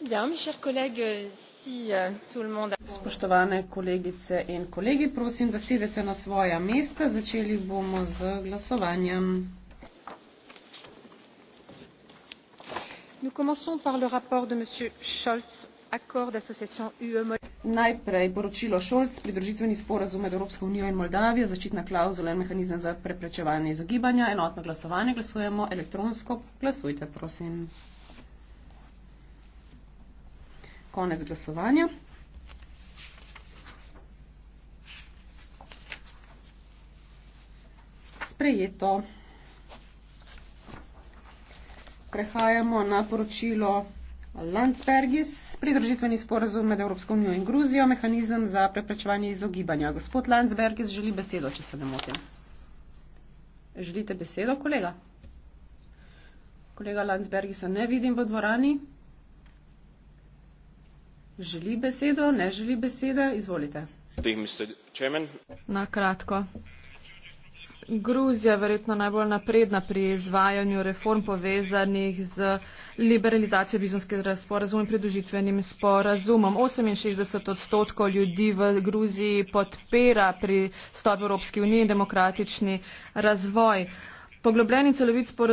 Euh, spoštovane kolegice in kolegi prosim da sedete na svoja mesta začeli bomo z glasovanjem Nous commençons par le rapport de monsieur Scholz accord d'association UE e. Najprej poročilo Scholz pridružitveni sporazum med Evropsko unijo in Moldavijo začitna klauzula in mehanizem za preprečevanje izogibanja enotno glasovanje glasujemo elektronsko glasujte prosim konec glasovanja. Sprejeto. Prehajamo na poročilo Landsbergis, pridružitveni sporazum med Evropsko unijo in Gruzijo, mehanizem za preprečevanje izogibanja. Gospod Landsbergis želi besedo, če se ne motim. Želite besedo, kolega? Kolega Landsbergisa ne vidim v dvorani. Želi besedo, ne želi besede, izvolite. Na kratko. Gruzija je verjetno najbolj napredna pri izvajanju reform povezanih z liberalizacijo bizonskega sporazuma in pridružitvenim sporazumom. 68 odstotkov ljudi v Gruziji podpira pristop Evropske unije in demokratični razvoj. Poglobljeni celovit sporazum.